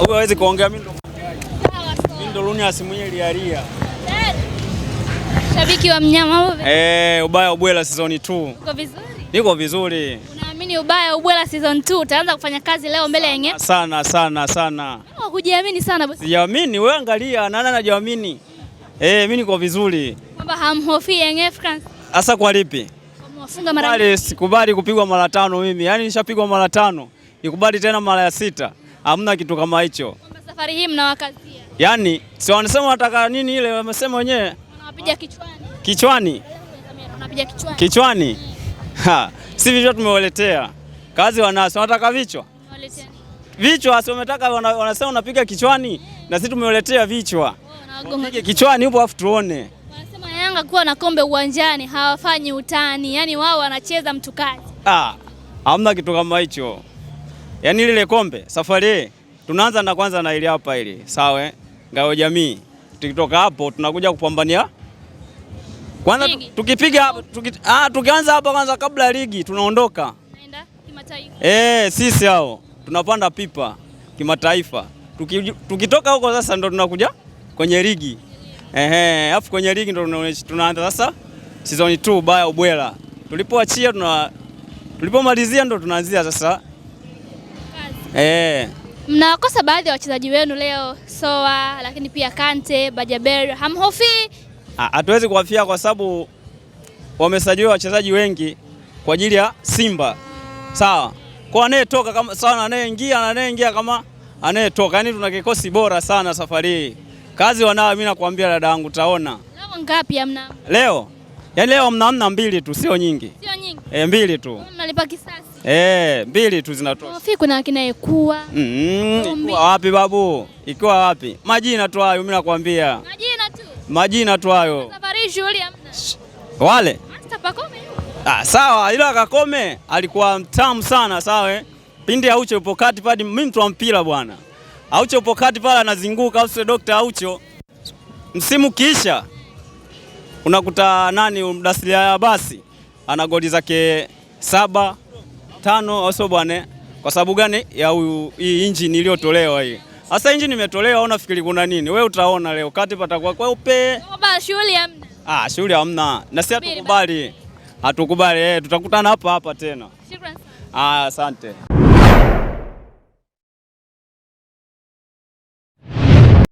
Huyu hawezi kuongea, mimi ndo mimi ndo Lunia asimwenye lialia. Shabiki wa mnyama wewe? Eh, Ubaya Ubwela season 2. Niko vizuri? Niko vizuri. Unaamini Ubaya Ubwela season 2 utaanza kufanya kazi leo mbele yenyewe? Sana sana sana. Hujiamini sana basi. Siamini, wewe angalia nani anajiamini. Eh, mimi niko vizuri. Kwamba hamhofii yenyewe France. Asa kwa lipi? Wafunga mara. Wale sikubali kupigwa mara tano mimi. Yaani nishapigwa mara tano. Nikubali tena mara ya sita hamna kitu kama hicho. Safari hii mnawakazia, yaani si wanasema wataka nini ile, wamesema wenyewe wanawapiga kichwani, kichwani, kichwani. Kichwani? Ha. Si vichwa tumewaletea kazi, wanasi wanataka vichwa Wanawaletea. vichwa, si wametaka wanasema unapiga kichwani, na sisi tumewaletea vichwa oh, kichwani upo afu tuone. Wanasema Yanga kuwa na kombe uwanjani hawafanyi utani, yaani wao wanacheza mtukaji. Ah, hamna kitu kama hicho yaani lile kombe safari tunaanza na kwanza na ile hapa ile sawa, eh? ngao jamii. Tukitoka hapo tunakuja kupambania kwanza, tukipiga hapo tuki, ah, tukianza hapo kwanza, kabla ya ligi tunaondoka naenda kimataifa. Eh, sisi hao tunapanda pipa kimataifa, tuki, tukitoka huko sasa ndo tunakuja kwenye ligi ehe, afu kwenye ligi ndo tunaanza sasa season 2 baya ubwela tulipoachia tuna tulipomalizia ndo tunaanzia sasa Eh. Mnawakosa baadhi ya wachezaji wenu leo Soa, lakini pia Kante, Bajaber, hamhofii? Ah, hatuwezi kuwafia kwa sababu wamesajiliwa wachezaji wengi kwa ajili ya Simba. Sawa. Kwa anayetoka kama sawa, anayeingia na anayeingia kama anayetoka. Yaani tuna kikosi bora sana safari hii. Kazi wanayo, mimi nakwambia dada yangu, taona. Leo ngapi hamna? Leo. Yaani leo mna mbili tu, sio nyingi. Sio nyingi. Eh, mbili tu. Mnalipa kisasi. Eh, mbili tu zinatosha. Kofi kuna akina ikua. Mm, mm-hmm. wapi babu? Ikiwa wapi? Majina tu hayo mimi nakwambia. Majina tu. Majina tu hayo. Safari Julia mna. Wale? Hata pakome. Ah, sawa ila akakome alikuwa mtamu sana sawa. Eh? Pindi Aucho yupo kati padi mimi mtu wa mpira bwana. Aucho yupo kati pale anazunguka usio daktari Aucho. Msimu kisha unakuta nani mdasilia basi ana goli zake saba tano au sio bwana? Kwa sababu gani ya hii injini iliyotolewa hii? Sasa injini imetolewa, unafikiri kuna nini? Wewe utaona leo kati patakuwa kweupe. Oh, shughuli hamna. Ah, shughuli hamna. Na sisi hatukubali. Hatukubali. Eh, tutakutana hapa hapa tena. Shukrani. Ah, asante.